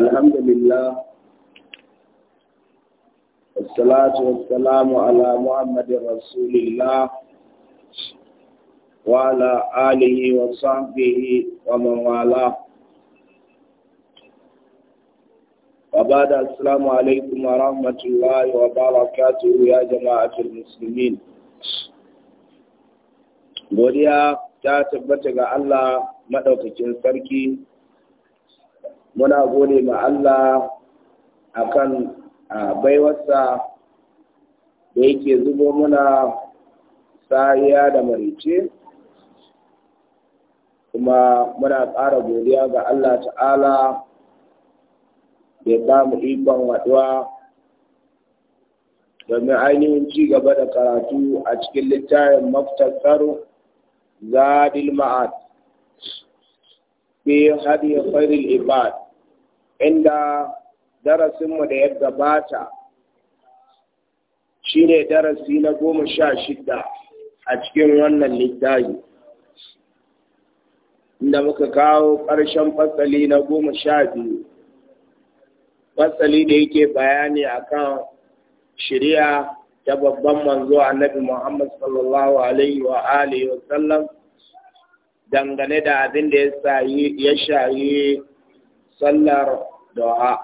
الحمد لله والصلاة والسلام على محمد رسول الله وعلى آله وصحبه ومن والاه وبعد السلام عليكم ورحمة الله وبركاته يا جماعة المسلمين godiya ta tabbata ga Allah maɗaukakin sarki muna gode ma Allah akan baiwarsa da yake zubo muna sariya da marice kuma muna ƙara godiya ga Allah ta'ala da ya mu ikon waɗuwa, domin ainihin ci gaba da karatu a cikin littafin maftakar zadil ma'ad fi hadi khairul ibad inda darasinmu da ya gabata shi ne darasi na goma sha shida a cikin wannan littafi inda muka kawo ƙarshen fatsali na goma sha biyu fasali da yake bayani akan shirya ta babban manzo annabi Muhammad sallallahu alaihi wa alihi wa sallam dangane da abin da ya shayi sallar du'a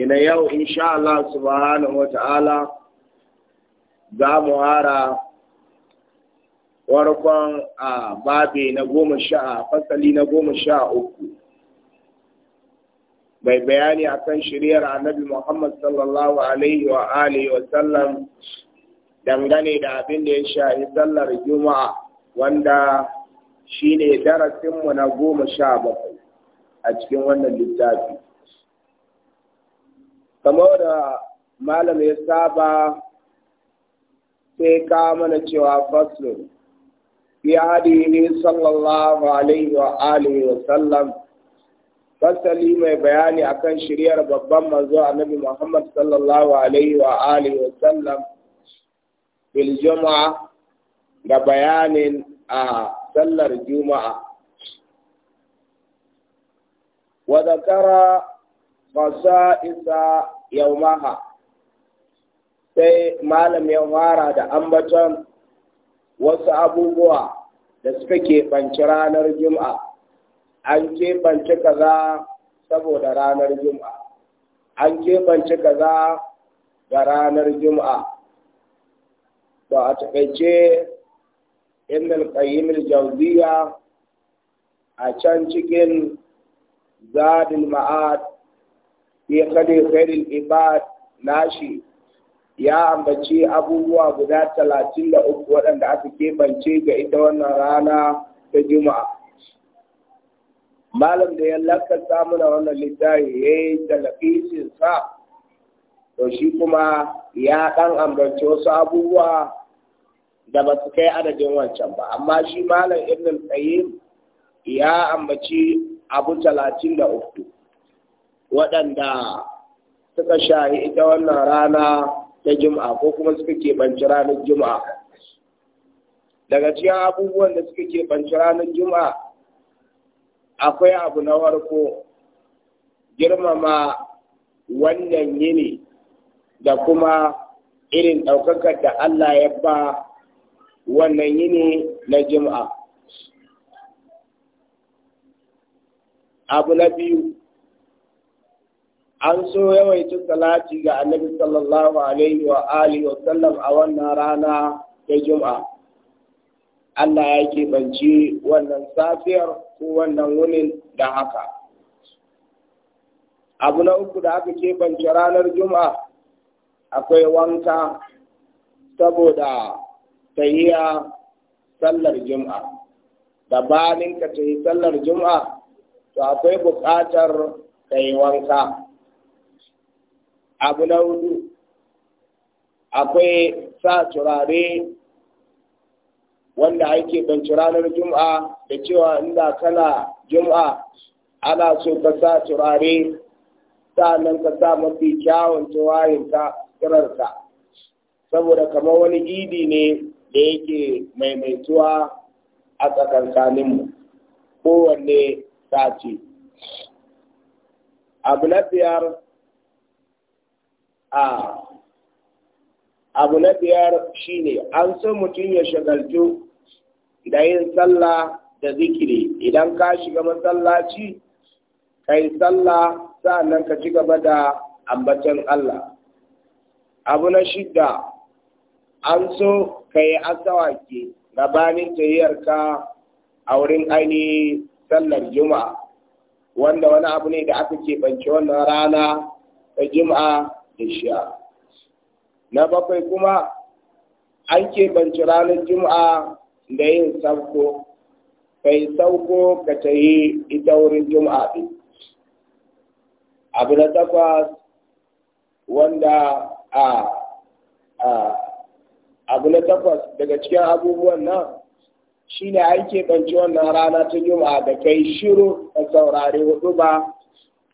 ina yau insha Allah subhanahu wa ta'ala za mu hara warkon a babe na goma sha fasali na goma sha uku mai bayani akan shiriyar annabi Muhammad sallallahu alaihi wa alihi wa sallam dangane da abin da ya shahi sallar juma'a wanda shine darasinmu na goma sha bakwai a cikin wannan littafi kamar da malam ya saba sai ka mana cewa faslun fi hadihi sallallahu alaihi wa alihi wa sallam fasali mai bayani akan shiryar babban manzo annabi Muhammad sallallahu alaihi wa alihi wa sallam bil juma'a da bayanin a sallar juma'a isa خصائص maha sai malam ya fara da ambaton wasu abubuwa da suka keɓanci ranar jum'a an keɓanci kaza saboda ranar jum'a an keɓanci kaza ga ranar jum'a Ba a taƙaice ibn al-qayyim a can cikin زاد المعاد في قدر خير العباد nashi ya ambaci abubuwa guda talatin da uku waɗanda aka keɓance ga ita wannan rana ta juma'a malam da ya lakasa mana wannan littafi ya yi talafisin sa to shi kuma ya ɗan ambaci wasu abubuwa da ba su kai adadin wancan ba amma shi malam irin qayyim ya ambaci abu talatin da uku waɗanda suka shahi ita wannan rana ta juma'a ko kuma suka keɓanci ranar juma'a daga cikin abubuwan da suka keɓanci ranar juma'a akwai abu na warko girmama wannan yini da kuma irin ɗaukakar da Allah ya ba wannan yini na juma'a abu na biyu an so yawaita salati ga annabi sallallahu alaihi wa alihi wa sallam a wannan rana ta juma'a Allah ya keɓance wannan safiyar ko wannan wunin da haka abu na uku da aka keɓance ranar juma'a akwai wanka saboda tahiya sallar juma'a da banin ta yi sallar juma'a to akwai buƙatar ka yi wanka abu na hudu akwai sa turare wanda ake banci ranar juma'a da cewa inda kana juma'a ana so ka sa turare nan ka sa mafi kyawun tuwayinka kirarka saboda kamar wani idi ne da yake maimaituwa a tsakankaninmu kowanne abu na biyar a abu biyar shine an so mutum ya shagaltu da yin sallah da zikiri idan ka shiga masallaci ka yi sallah nan ka ci gaba da ambacin Allah abu na shidda an so ka yi asawaki gabanin tayyarka a wurin ainihin sallar juma'a wanda wani abu ne da aka keɓance wannan rana ta juma'a da shi'a na bakwai kuma an keɓance ranar juma'a da yin sauko kai sauko ka ta yi ita wurin juma'a ɗin abu na takwas wanda a abu na takwas daga cikin abubuwan nan shi ne an keɓance wannan rana ta juma'a da kai shiru a saurari hudu ba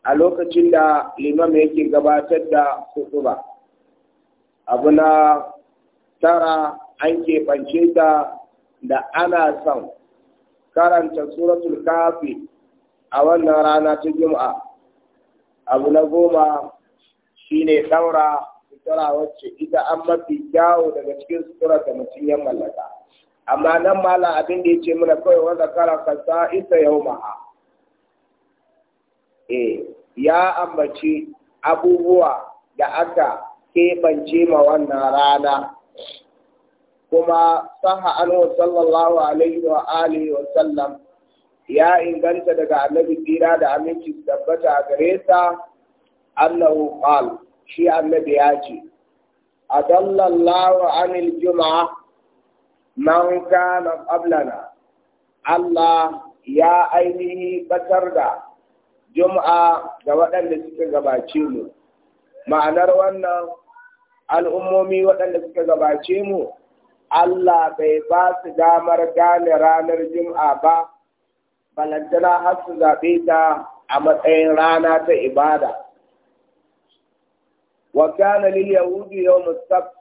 a lokacin da limam yake gabatar da hudu ba abu na tara an keɓance ta da ana son karanta suratul kafi a wannan rana ta juma'a abu na goma shi ne ɗaura sutura wacce ita an mafi kyawo daga cikin sutura da mutum ya mallaka amma nan mala abin da ya ce mana kawai wanda kara kasa isa yau ma'a e eh, ya ambaci abubuwa da aka keɓance ma wannan rana kuma saha anhu sallallahu alaihi wa alihi wa sallam ya inganta daga annabi tsira da aminci tabbata a gare sa annahu qal shi annabi ya ce adallallahu anil juma'a man kana qablana Allah ya ainihi batar da juma'a ga waɗanda suka gabace mu ma'anar wannan al'ummomi waɗanda suka gabace mu Allah bai ba su damar gane ranar juma'a ba balantana na su zaɓe ta a matsayin rana ta ibada wa kana lil yahudi yawm as-sabt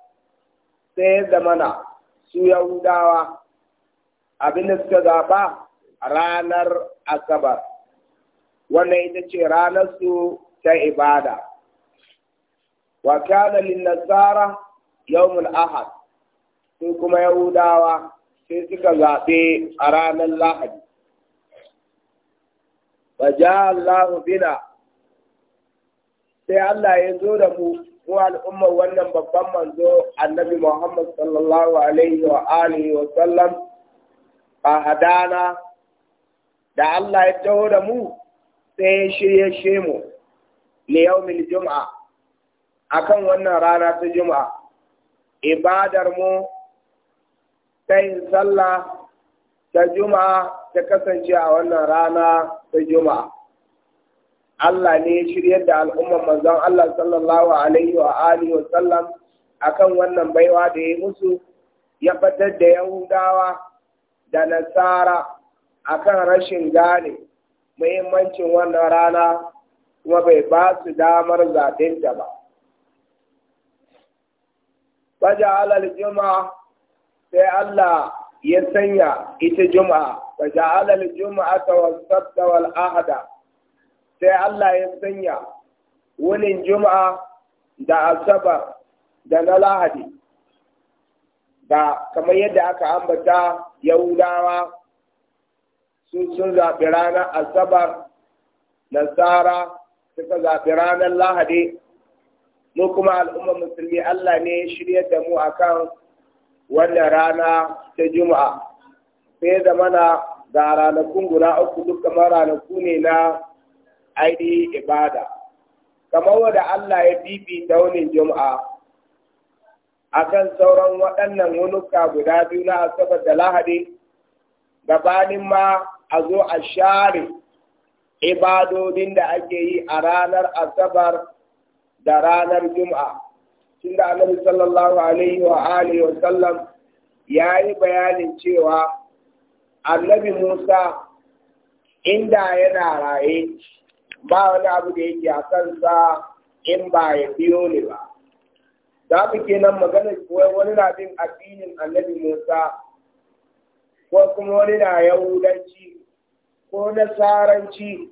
sai zamana su Yahudawa abin da suka zaɓa ranar Asabar, wannan ita ce ranar su ta ibada. Wa kana linnasara yawmul ahad, su kuma Yahudawa sai suka zaɓe a ranar Lahadi. Ba ja Allah bina, sai Allah ya zo da mu mu al'ummar wannan babban manzo annabi Muhammad sallallahu alaihi wa alihi wa sallam a hadana da Allah ya taho da mu sai ya shirye shi mu li juma'a? jum'a akan wannan rana ta jum'a ibadar mu ta yin sallah ta juma'a ta kasance a wannan rana ta juma'a Allah ne ya shirya da al'umman manzon Allah sallallahu alaihi wa alihi wa sallam akan wannan baiwa da ya musu ya fatar da Yahudawa da Nasara akan rashin gane muhimmancin wannan rana kuma bai ba su damar ta ba. Baja alal juma'a sai Allah ya sanya ita juma'a, baja alal juma'a ta wasu wal ahada. sai Allah ya sanya wani juma'a da asabar da na lahadi da kamar yadda aka ambata yahudawa sun sun zaɓi ranar asabar nasara suka zaɓi ranar lahadi mu kuma al'ummar musulmi Allah ne shirya da mu akan wannan rana ta juma'a sai zamana ga ranakun guda uku duk kamar ranaku ne na aidi ibada kamar wada Allah ya bibi daunin juma'a akan sauran waɗannan wunuka guda biyu na asabar da lahadi gabanin ma a zo a share ibadodin da ake yi a ranar asabar da ranar juma'a tunda annabi sallallahu alaihi wa alihi wa sallam ya yi bayanin cewa annabi musa inda yana raye ba wani abu da yake a kansa in ba ya biyo ne ba za mu ke kenan magana wani na bin addinin annabi musa ko kuma wani na yahudanci ko saranci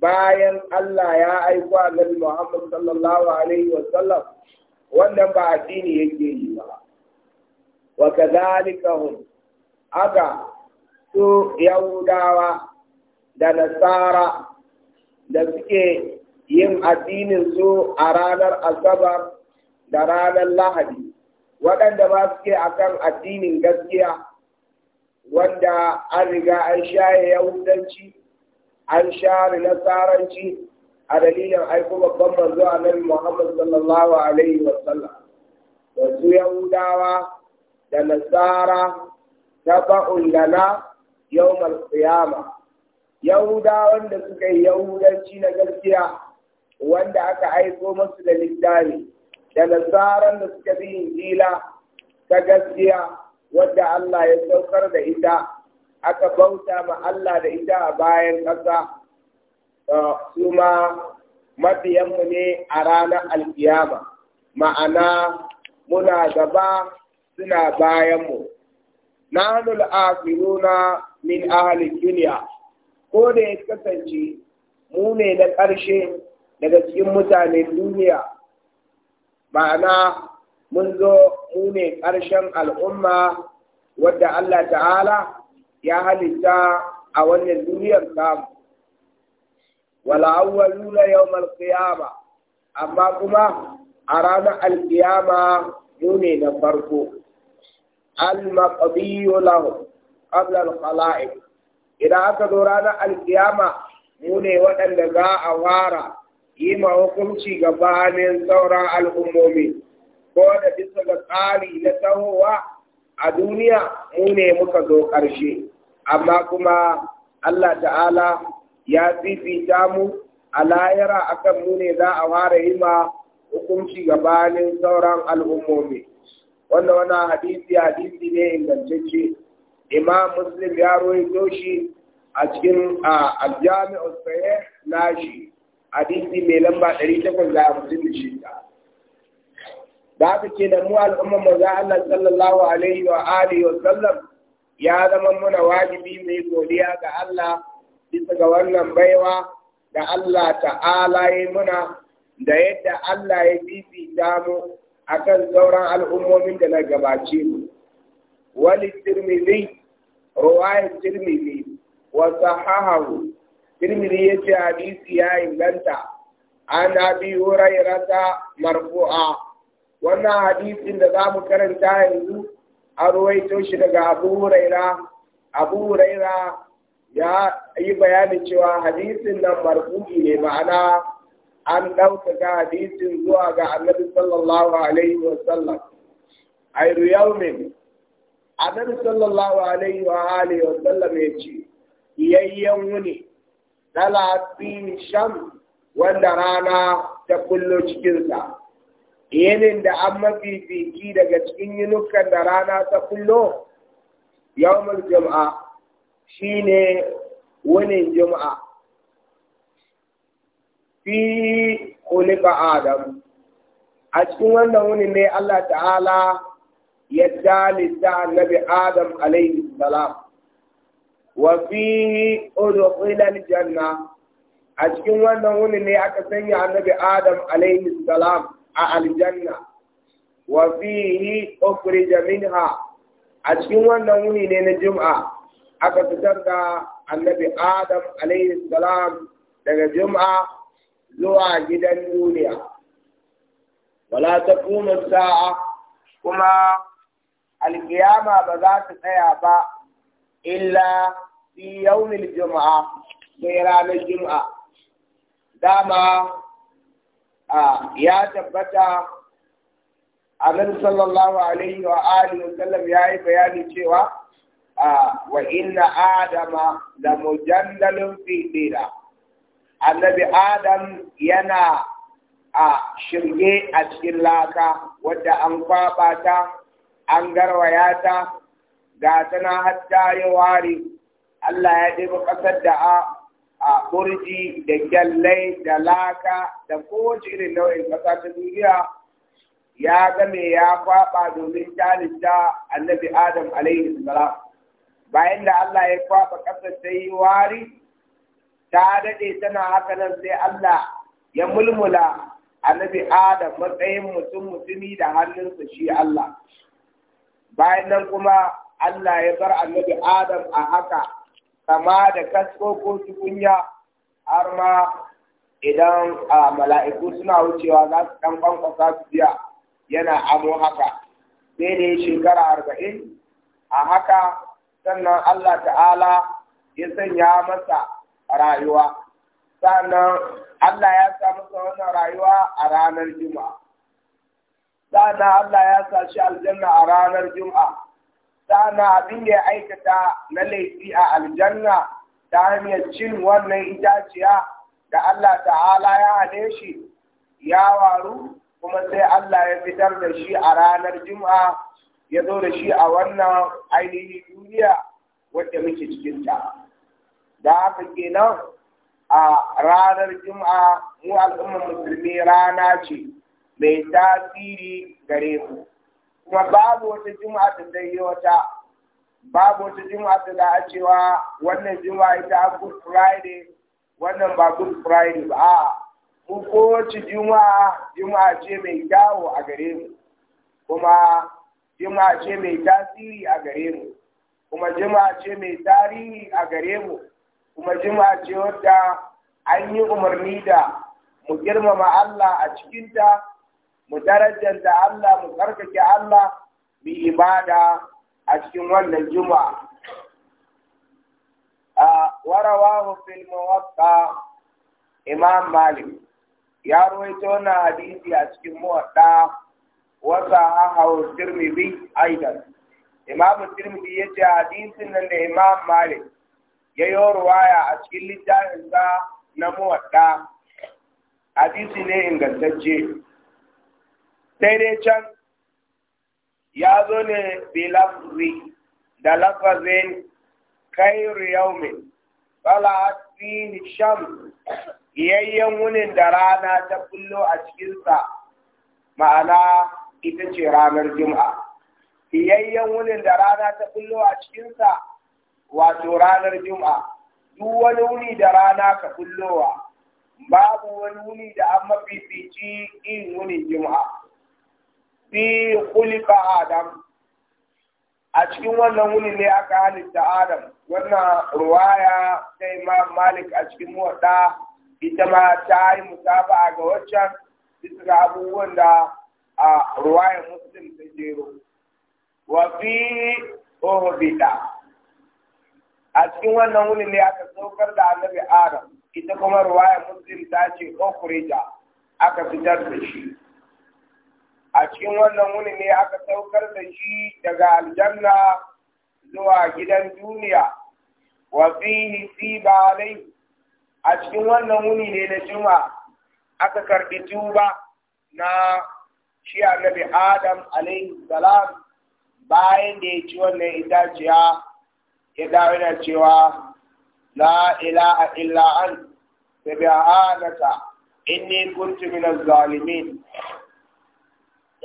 bayan Allah ya aiko annabi Muhammad sallallahu alaihi Wasallam, wannan ba addini yake yi ba wa kadhalika hun, aga su yahudawa da nasara da suke yin addinin su a ranar asabar da ranar lahadi waɗanda ba suke a kan addinin gaskiya wanda an riga an shaye yahudanci an share nasaranci a dalilin aiko babban manzo annabi Muhammad sallallahu alaihi wa sallam da yahudawa da nasara ta ba'un lana yawmal qiyamah yahudawan da suka yi yahudanci na gaskiya wanda aka aiko masu da littafi da nasaran da suka bi injila ta gaskiya wanda Allah ya saukar da ita aka bauta ma Allah da ita a bayan ƙasa su ma mabiyanmu ne a ranar alkiyama ma'ana muna gaba suna bayanmu na hannun min ahalin duniya. ko da ya kasance mu ne na ƙarshe daga cikin mutanen duniya ma'ana mun zo mu ne ƙarshen al'umma wadda Allah ta'ala ya halitta a wannan duniyar samu lura yawmal qiyama amma kuma a ranar alkiyama mu ne na farko al-maqdiyu lahu qabla al-khala'iq idan aka zo ranar alkiyama mu ne waɗanda za a wara yi ma hukunci ga bayanin sauran al'ummomi ko da bisa ga tsari na tahowa a duniya mu ne muka zo ƙarshe amma kuma Allah ta'ala ya fifita mu a layara akan mu ne za a ware yi ma hukunci ga bayanin sauran al'ummomi wanda wani hadisi hadisi ne ingantacce imam muslim ya rawaito shi a cikin al-jami' al-sahih mai lamba 856 da haka ke da mu al'umma manzo Allah sallallahu alaihi wa alihi wa sallam ya zama muna wajibi mai godiya ga Allah bisa ga wannan baiwa da Allah ta'ala ya muna da yadda Allah ya fifita mu akan sauran al'ummomin da na gabace mu wali tirmili rawai tirmili wa sahahu tirmili ya ce hadisi ya inganta ana bi horai rata marfu'a wannan hadisi da za mu karanta yanzu a ruwai to shi daga abu raira ya yi bayanin cewa hadisin nan marfu'i ne ma'ana an ɗaukaka ga hadisin zuwa ga annabi sallallahu alaihi wasallam ayru yawmin annabi sallallahu alaihi wa alihi wa sallam ya ce yayyan wuni talatin sham wanda rana ta kullo cikinsa yanin da an mafifiki daga cikin yinukan da rana ta kullo yawmul jum'a shine wunin jum'a fi kulika adam a cikin wannan wuni ne Allah ta'ala ya dalita annabi Adam alaihi salam wa fihi udkhila aljanna a cikin wannan wuni ne aka sanya annabi Adam alaihi salam a aljanna wa fihi ukhrija minha a cikin wannan wuni ne na jum'a aka fitar da annabi Adam alaihi salam daga jum'a zuwa gidan duniya wala taqumu sa'a kuma alkiyama ba za ta tsaya ba illa fi juma'a sai ranar juma'a dama ya tabbata annabi sallallahu alaihi wa alihi wa sallam yayi bayani cewa wa inna adama la mujandalun fi dira annabi adam yana a shirye a cikin laka wadda an kwaba an garwaya ta ga tana hatta ya wari, Allah ya ɗi ƙasar da a a burji da gyallai da laka da kowace irin nau'in ƙasa ta duniya ya game ya kwaɓa domin talibta annabi adam alaihi salam bayan da Allah ya kwaɓa ƙasar ta yi wari ta daɗe tana haka nan sai Allah ya mulmula annabi adam matsayin mutum mutumi da hannunsa shi Allah bayan nan kuma Allah ya bar annabi Adam a haka kama da kasko ko tukunya har ma idan mala'iku suna wucewa za su ɗan kwankwasa su biya yana amo haka sai da ya shekara arba'in a haka sannan Allah ta'ala ya sanya masa rayuwa sannan Allah ya sa masa wannan rayuwa a ranar juma'a sana Allah ya sa shi aljanna a ranar Juma'a, sana abin da ya aikata na laifi a aljanna ta hanyar cin wannan itaciya da Allah ta'ala ya hane shi ya waru kuma sai Allah ya fitar da shi a ranar Juma'a ya zo da shi a wannan ainihin duniya wadda muke cikinta. Da haka kenan a ranar Juma'a mu al'ummar musulmi rana ce. mai tasiri gare su kuma babu wata juma'a da zai yi wata babu wata juma'a da za a cewa wannan juma'a ita good friday wannan ba good friday ba a mu kowace juma'a juma'a ce mai kyawo a gare mu kuma juma'a ce mai tasiri a gare mu kuma juma'a ce mai tarihi a gare mu kuma juma'a ce wadda an yi umarni da mu girmama Allah a cikinta mu darajanta Allah mu karkace Allah bi ibada a cikin wannan juma a warawahu fil muwatta imam malik ya ruwaito na hadisi a cikin muwatta wa sahaha wa tirmidhi aida imam tirmidhi ya ce hadisin nan imam malik ya yi ruwaya a cikin littafin sa na muwatta hadisi ne ingantacce sai dai can ya zo ne bilafzi da lafazin kairu yaumin tsala fihi sham iyayyen wunin da rana ta kullo a cikinsa ma'ana ita ce ranar juma'a iyayyen wunin da rana ta kullo a cikinsa wato ranar juma'a duk wani wuni da rana ka kullowa babu wani wuni da an mafifici in wunin juma'a fi kulika adam a cikin wannan wuni ne aka halitta adam wannan ruwaya ta imam malik a cikin muwadda ita ma ta yi musaba ga waccan bisa ga abubuwan da a ruwayar muslim ta jero wa fi ohbita a cikin wannan wuni ne aka saukar da annabi adam ita kuma ruwayar musulun ta ce okurija aka fitar da shi a cikin wannan wuni ne aka saukar da shi daga aljanna zuwa gidan duniya wa fihi balai a cikin wannan wuni ne na juma aka karɓi tuba na shi annabi adam alaihi salam bayan da ya ci wannan itaciya ya dawo yana cewa la ilaha illa an anaka inni kuntu minaz zalimin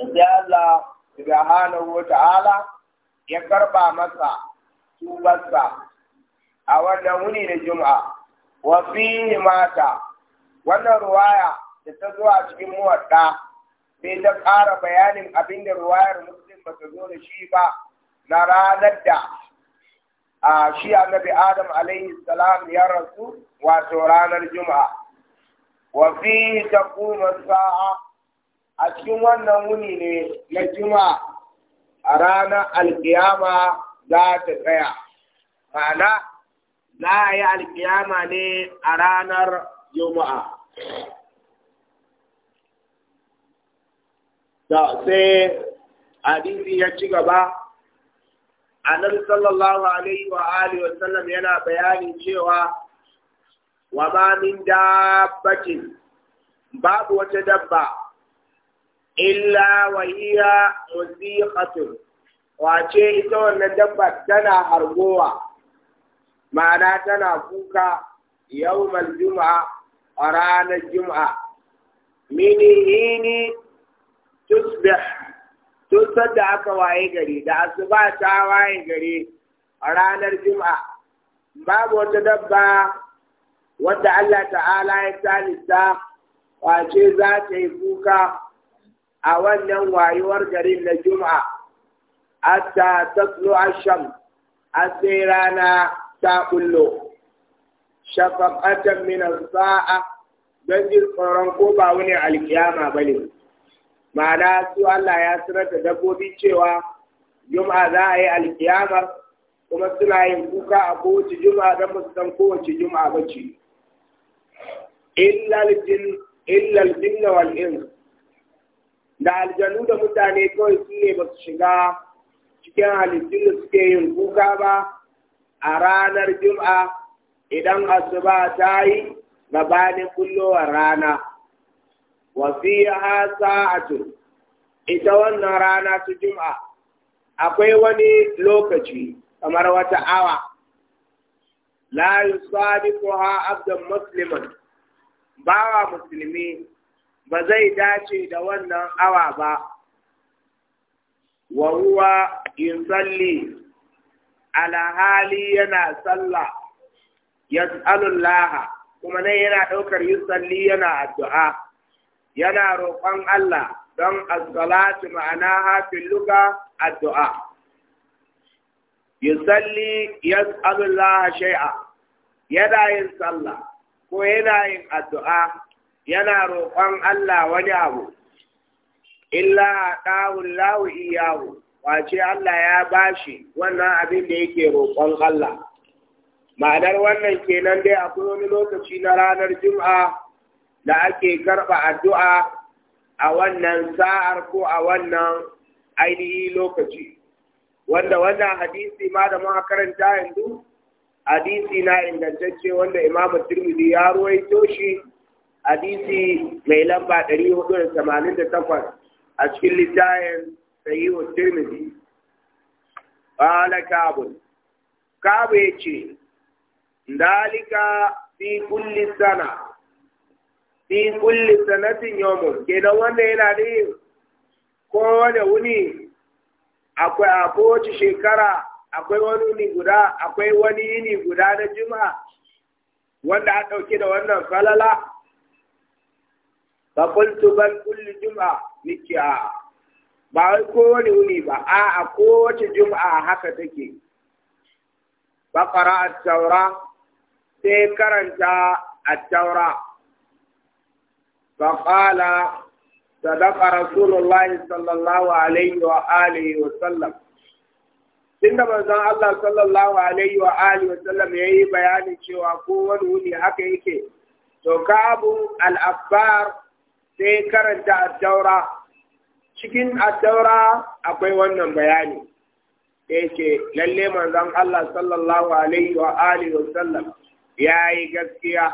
da sai Allah subhanahu ya karba masa tubarsa a wannan wuni da juma'a wa fihi mata wannan ruwaya da ta zo a cikin muwadda sai ta ƙara bayanin abin da ruwayar muslim ba ta zo da shi ba na ranar da a shi annabi adam alaihi salam ya rasu wato ranar juma'a wa fihi taqumu sa'a a cikin wannan wuni ne na juma a ranar alkiyama za ta tsaya ma'ana za a yi alkiyama ne a ranar juma'a sai hadisi ya ci gaba annabi sallallahu alaihi wa alihi wa yana bayani cewa wa ma min dabbatin babu wata dabba illa wa hiya wace ita wannan dabba tana hargowa ma'ana tana kuka yawmal juma'a ranar juma'a mini hini tusbih da aka waye gari da asuba ta waye gari a ranar juma'a babu wata dabba wadda Allah ta'ala ya talista wace za ta yi kuka a wannan wayuwar garin na juma'a hatta tatlu a sai rana ta kullo shafaqatan min as-sa'a don jin tsoron ko ba wani alkiyama bane ma'ana su Allah ya sanar da dabbobi cewa juma'a za a yi alkiyama kuma suna yin kuka a kowace juma'a don ba san kowace juma'a ba ce illa al-jinn wal da aljanu da mutane kawai su ne ba su shiga cikin halittun da suke yin kuka ba a ranar jum'a idan asuba ta yi gabanin kullowar rana wa a sa'atu ita wannan rana ta jum'a akwai wani lokaci kamar wata awa la yusadiquha abdan musliman bawa musulmi ba zai dace da wannan awa ba wa huwa yusalli ala hali yana sallah yas'alullaha kuma nan yana ɗaukar yusalli yana addu'a yana roƙon Allah don as-salatu ma'ana fil luka addu'a yusalli yas'alullaha shai'a, yana yin sallah ko yana yin addu'a yana roƙon Allah wani abu, illa ɗawun lawu iyawu, wace Allah ya bashi wannan abin da yake roƙon Allah. Ma'anar wannan kenan dai akwai wani lokaci na ranar Juma'a da ake karɓa addu'a a wannan sa'ar ko a wannan ainihi lokaci. Wanda wannan hadisi ma da muka karanta yanzu, hadisi na ingantacce wanda Imam Tirmidhi ya ruwaito shi. hadisi mai lamba 488 a cikin littafin sahihu tirmidhi Ba kabul kabu yace dalika fi kulli sana fi kulli sanatin yawm kenan wanda yana da kowane wuni akwai a kowace shekara akwai wani wuni guda akwai wani yini guda na juma'a wanda a ɗauke da wannan falala faƙultu bal kulli juma'a nake a ba wai wani wuni ba a a kowace juma'a haka take baƙara a taura sai karanta a taura faƙala صدق رسول الله صلى الله عليه وآله وسلم tunda manzon Allah sallallahu alaihi wa alihi wa sallam ya yi bayanin cewa ko wani wuni haka yake to kabu al-akbar sai karanta addaura cikin addaura akwai wannan bayani da yake lalle manzon Allah sallallahu alaihi wa alihi wa sallam ya gaskiya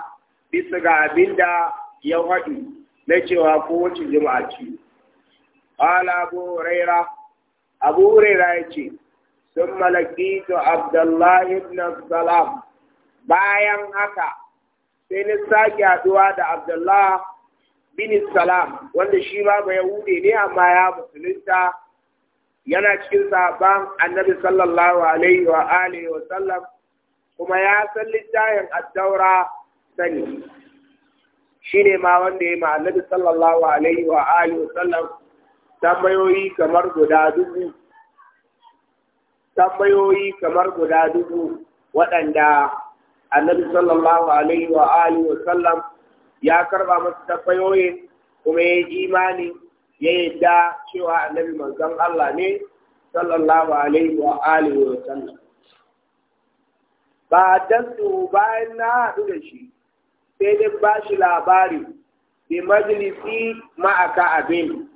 bisa ga abinda ya wadi na cewa ko kowace jima'a ce. Ƙala Abu Huraira, Abu Huraira ya ce, sun malaki to Abdullahi ibn Salam, bayan haka sai ni sake haɗuwa da Abdullah bin salam wanda shi ba ba yahude ne amma ya musulunta yana cikin sahaban annabi sallallahu alaihi wa alihi wa sallam kuma ya san littafin addaura sani shi ne ma wanda ya ma annabi sallallahu alaihi wa alihi wa sallam tambayoyi kamar guda dubu tambayoyi kamar guda dubu waɗanda annabi sallallahu alaihi wa alihi wa sallam ya karba masa tafayoyin kuma ya yi imani ya yadda cewa annabi manzon Allah ne sallallahu alaihi wa alihi wa sallam ba bayan na haɗu da shi sai dai ba shi labari bi majalisi ma'aka abin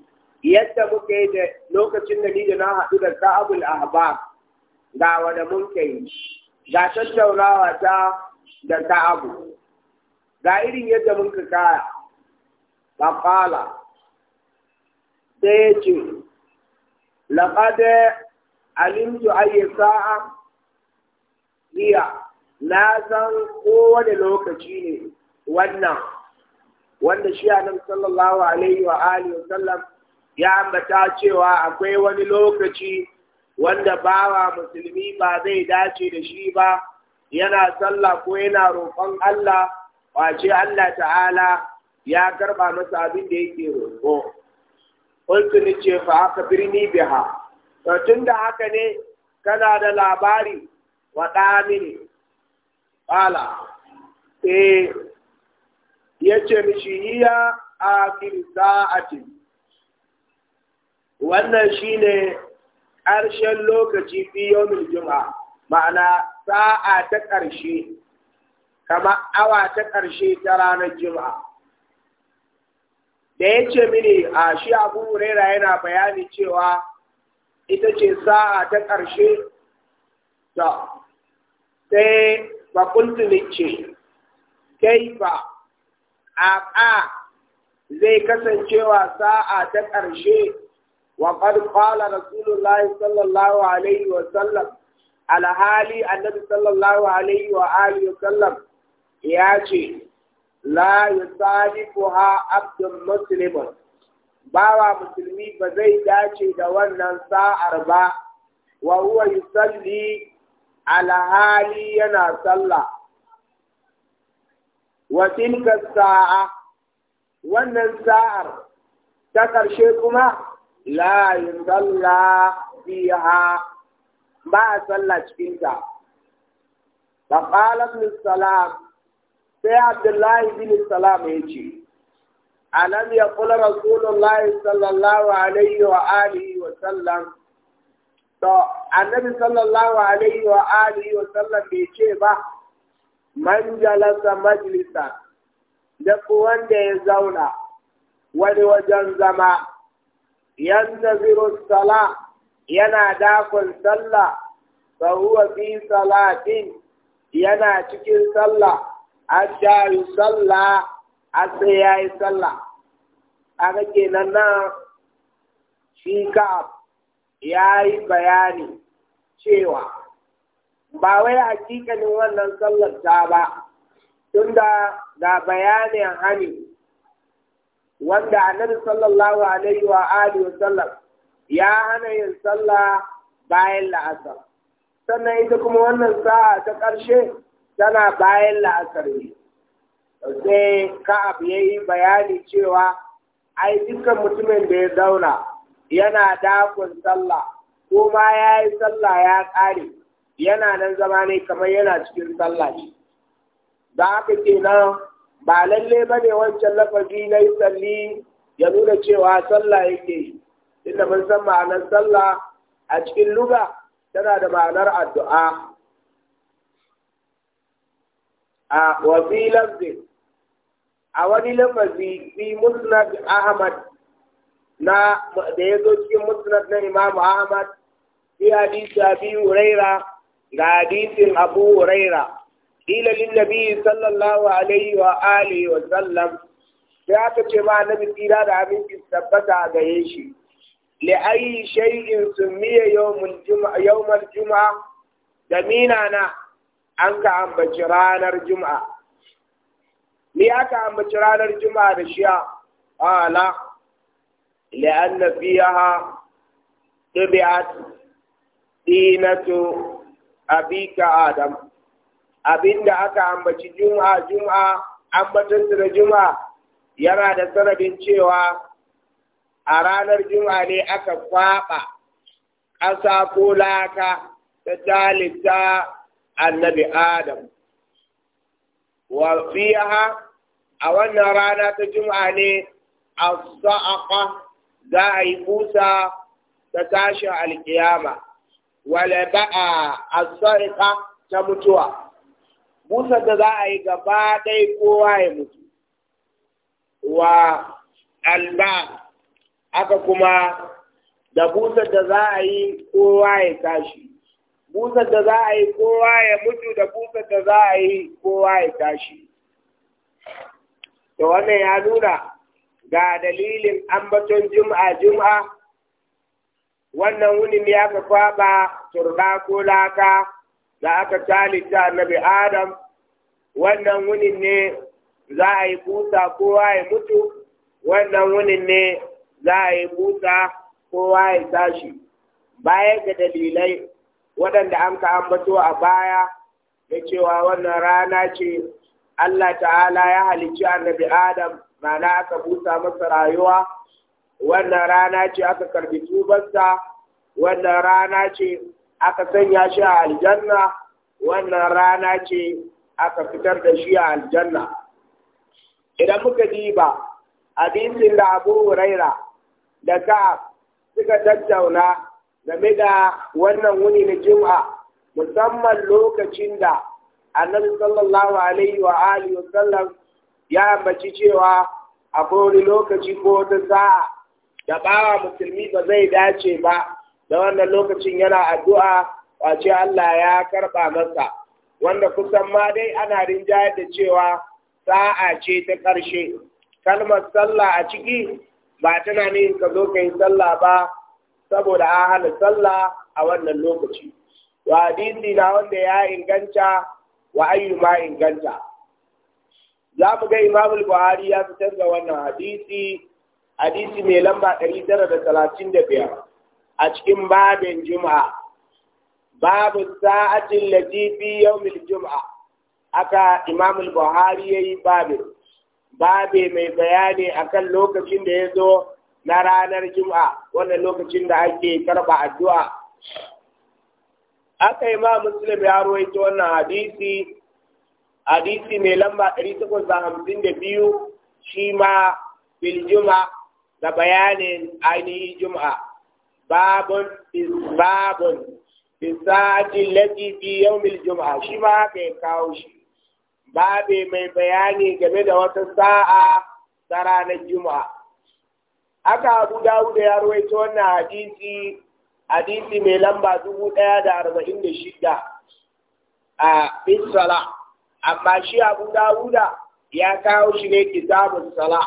yadda muka yi da lokacin da ni da na haɗu da ka'abul ahbab ga wanda mun kai ga tattaunawa ta da ka'abu ga irin yadda muka ka kaya ba kala sai ya ce laƙada alimtu ayi sa'a iya na san kowane lokaci ne wannan wanda shi annabi sallallahu alaihi wa alihi wa sallam ya ambata cewa akwai wani lokaci wanda bawa musulmi ba zai dace da shi ba yana sallah ko yana roƙon Allah wace Allah ta'ala ya karba masa abin da yake roƙo qultu ni ce fa aka birni biha to tunda haka ne kana da labari wa mini qala eh yace mishi hiya akhir sa'ati wannan shine ƙarshen lokaci fi yawmin juma'a ma'ana sa'a ta ƙarshe kama awa ta ƙarshe ta ranar jima'a. da ya ce mini a shi abu huraira yana bayani cewa ita ce sa'a ta ƙarshe ta sai bakuntuni ce ba a ƙa zai kasancewa sa'a ta ƙarshe wa ƙarƙala rasulullahi sallallahu alaihi wa sallam alhali annabi sallallahu alaihi wa alihi wa sallam ya ce la yusadiquha abdun muslimun bawa musulmi ba zai dace da wannan sa'ar ba wa huwa yusalli alhali yana sallah wa tilka sa'a wannan sa'ar ta ƙarshe kuma la yusalla fiha ba a sallah cikinta فقال ابن السلام sai abdullahi bin salam ya ce alam ya kula rasulullahi sallallahu alaihi wa alihi wa sallam to annabi sallallahu alaihi wa alihi wa ce ba man jalasa majlisa da wanda ya zauna wani wajen zama yantaziru sala yana dakon sallah fa huwa salatin yana cikin sallah hatta yusalla har sai ya yi sallah kaga kenan nan shi ya yi bayani cewa ba wai hakikanin wannan sallar ta ba tunda ga bayanin hani wanda annabi sallallahu alaihi wa alihi wasallam ya hana yin sallah bayan la'asar sannan ita kuma wannan sa'a ta ƙarshe tana bayan la'asar ne sai ka'ab ya yi bayani cewa ai dukkan mutumin da ya zauna yana dakon sallah ko ma ya yi sallah ya ƙare yana nan zama ne kamar yana cikin sallah ne Ba haka kenan ba lalle ba ne wancan lafazi na yi salli ya nuna cewa sallah yake yi inda mun san ma'anar sallah a cikin luga tana da ma'anar addu'a a wafi a wani lafazi fi musnad ahmad da ya zo cikin musnad na imam ahmad fi hadisi abi huraira ga hadisin abu huraira ila lin nabi sallallahu alaihi wa wa sallam sai aka ce ma annabi tsira da abinci tabbata ga gare shi li ayi miya sumiya juma'a yawmal juma'a da mina na an ka ambaci ranar juma'a ni aka ambaci ranar juma'a da shiya ala li'anna fiha tubi'at dinatu abika adam abinda aka ambaci juma'a juma'a ambatansa da juma'a yana da sanadin cewa a ranar juma'a ne aka kwaba ƙasa ko laka ta talita annabi Adam. Wa fiha a wannan rana ta Juma'a ne a sa'aqa za a yi kusa ta tashin alkiyama, wale ba'a a ta mutuwa. Busar da za a yi gaba ɗaya kowa ya mutu. Wa alba aka kuma da busar da za a yi kowa ya tashi. busar da za a yi kowa ya mutu da busar da za a yi kowa ya tashi da wannan ya nuna ga dalilin ambaton jum'a jum'a wannan wunin ya ka kwaba turba ko laka da aka talita annabi adam wannan wunin ne za a yi busa kowa ya mutu wannan wunin ne za a yi busa kowa ya tashi baya ga dalilai waɗanda an ka ambato a baya da cewa wannan rana ce Allah ta'ala ya halicci annabi Adam mana aka busa masa rayuwa wannan rana ce aka karbi tubarsa wannan rana ce aka sanya shi a aljanna wannan rana ce aka fitar da shi a aljanna idan muka diba Abincin da Abu Huraira da ka suka tattauna game da wannan wuni na jum'a musamman lokacin da annabi sallallahu alaihi wa alihi wa sallam ya ambaci cewa a wani lokaci ko wata sa'a da bawa musulmi ba zai dace ba da wannan lokacin yana addu'a wace Allah ya karba masa wanda kusan ma dai ana rinjayar da cewa sa'a ce ta ƙarshe kalmar sallah a ciki ba tana ne ka zo ka yi sallah ba saboda an hana sallah a wannan lokaci wa hadisi na wanda ya inganta wa ayyu ma inganta za mu ga imam buhari ya fitar da wannan hadisi hadisi mai lamba 935 a cikin babin juma'a babu sa'atin latifi yawmil juma'a aka imam buhari yayi babin babe mai bayani akan lokacin da ya zo na ranar Juma'a wannan lokacin da ake karɓa addu'a. Aka yi ma Muslim ya ruwaito wannan hadisi, hadisi mai lamba 852 shi ma bil juma da bayanin ainihi Juma'a. Babun babun bisajin lati fi mil Juma'a shi ma aka yi kawo shi. Babe mai bayani game da wata sa'a ta ranar Juma'a. aka abu dawud ya rawaito wannan hadisi hadisi mai lamba dubu ɗaya da arba'in da shida a bisala amma shi abu dawuda ya kawo shi ne kitabun sala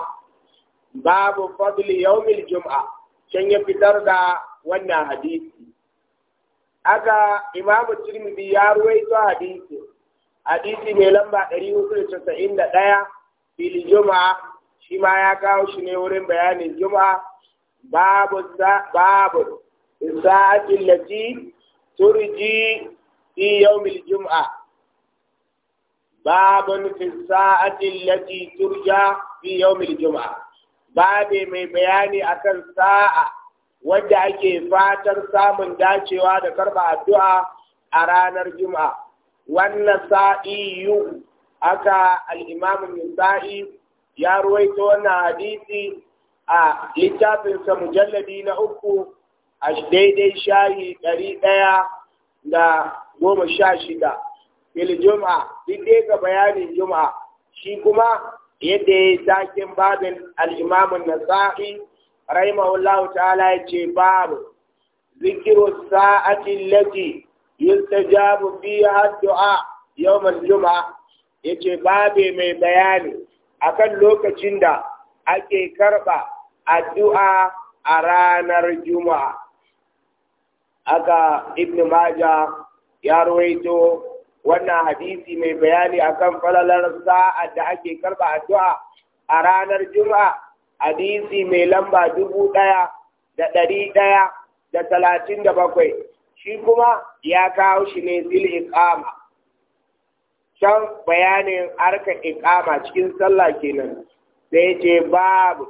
babu fadli yawmil jum'a can ya fitar da wannan hadisi aka imam tirmidhi ya ruwaito hadisi hadisi mai lamba ɗari bil da shi ma ya kawo shi ne wurin bayanin juma'a babu babu lati turji fi yawmil juma'a babu fi lati turja fi yawmil juma'a babe mai bayani akan sa'a wadda ake fatar samun dacewa da karba addu'a a ranar juma'a wannan sa'iyu aka al yin ya ruwaito wannan hadisi a littafinsa mujalladi na uku a daidai shayi ɗari ɗaya da goma sha shida fil juma'a duk dai ga bayanin juma'a shi kuma yadda ya yi takin babin al'imamun nasa'i rahimahullahu ta'ala ya ce babu zikiru sa'atin lati yustajabu biya addu'a yawmal juma'a yace babe mai bayani akan lokacin da ake karɓa addu'a a ranar Juma'a. Aka Ibn Maja ya ruwaito wannan hadisi mai bayani akan falalar sa'ad da ake karɓa addu'a a ranar Juma'a, hadisi mai lamba dubu ɗaya da ɗari ɗaya da talatin da bakwai, shi kuma ya kawo shi ne zil iqama can bayanin harkar iƙama cikin sallah kenan sai ce babu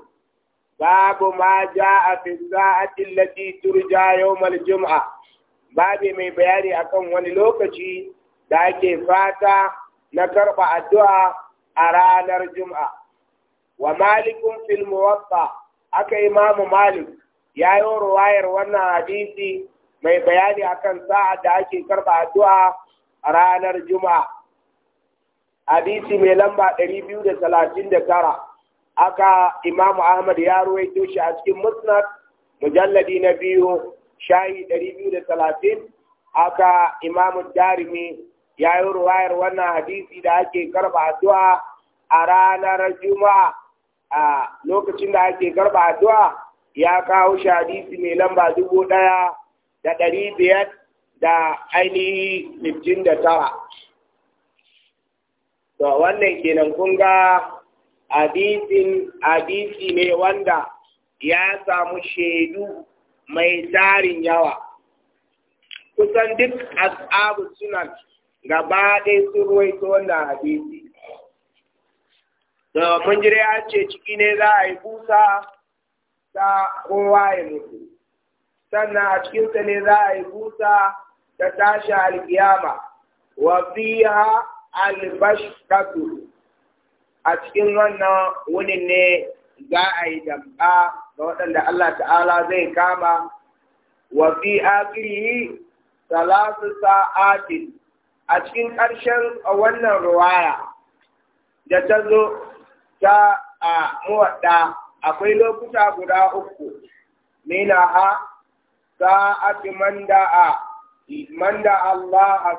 babu ma ja a fi sa'atin lati turja mal jum'a babu mai bayani akan wani lokaci da ake fata na karɓa addu'a a ranar jum'a wa malikun filmu wasa, aka yi mamu malik ya yi ruwayar wannan hadisi mai bayani akan sa'a da ake karɓa addu'a a ranar juma'a hadisi mai lamba tara. aka imamu ahmad ya ruwaito shi a cikin musnad mujalladi na biyu shayi 230 aka imamu darimi ya yi ruwayar wannan hadisi da ake karba addu'a a ranar juma'a a lokacin da ake karba addu'a ya kawo shi hadisi mai lamba dubu ɗaya da ɗari biyar da ainihi sittin da tara To wannan kenan kun ga hadisin hadisi ne wanda ya samu shaidu mai tarin yawa. Kusan duk ashabu sunan gaba ɗaya sun ruwaito wannan hadisi. To mun jira ya ce ciki ne za a yi kusa ta kowa ya mutu. Sannan a cikinsa ne za a yi busa ta tashi alkiyama. Wa fiha albashkatu a cikin wannan wuni ne za a yi damba ga waɗanda Allah ta'ala zai kama wa fi akirihi salasu sa'atin a cikin ƙarshen wannan ruwaya da ta zo ta a muwaɗa akwai lokuta guda uku mina ha sa'ati man da Allah a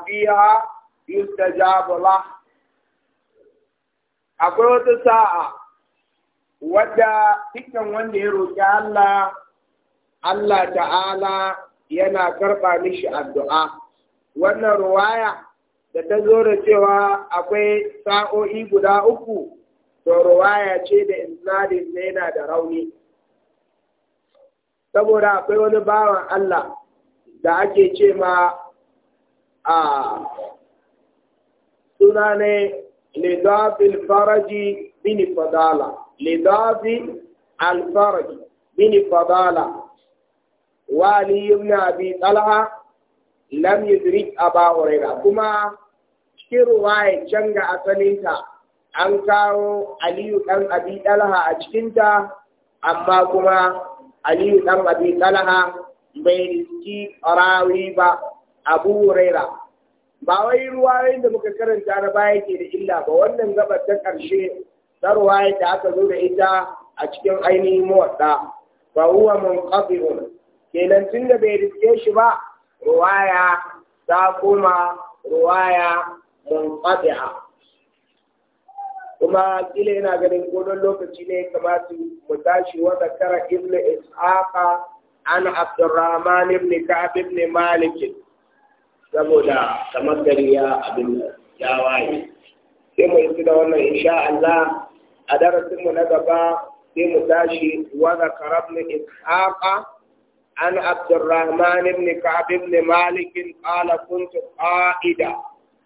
yustajabu la akwai wata sa'a wadda dukkan wanda ya roƙi Allah Allah ta'ala yana karɓa mishi addu'a wannan ruwaya da ta zo da cewa akwai sa'o'i guda uku to ruwaya ce da isnadin yana da rauni saboda akwai wani bawan Allah da ake ce ma a suna ne lidafil faraji bin fadala lidafil alfaraji bin fadala wali ibn abi talha lam kuma cikin ya canza ga asalinta an kawo aliyu dan abi talha a cikinta amma kuma aliyu dan abi talha bai riski rawi ba abu huraira ba wai ruwa da muka karanta na baya ke da illa ba wannan gabar ta ƙarshe ta ruwaya da aka zo da ita a cikin ainihin muwadda ba huwa munqati'un kenan tun da bai riske shi ba ruwaya ta koma ruwaya ha. kuma kila yana ganin kodon lokaci ne kamata mu tashi wata kara ibn ishaqa an abdurrahman ibn ka'ab ibn malik saboda kamar gari ya abin ya waye sai mu yi da wannan insha Allah a darasinmu na gaba sai mu tashi wa zakara ibn ishaqa an abdurrahman ibn ka'ab ibn malik qala kuntu qa'ida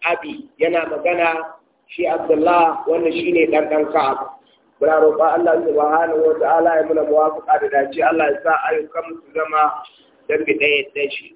abi yana magana shi abdullah wannan shine dan dan ka'ab muna roƙa Allah subhanahu wa ta'ala ya muna muwafaqa da dace Allah ya sa ayyukan mu su zama dan bi ɗaya da shi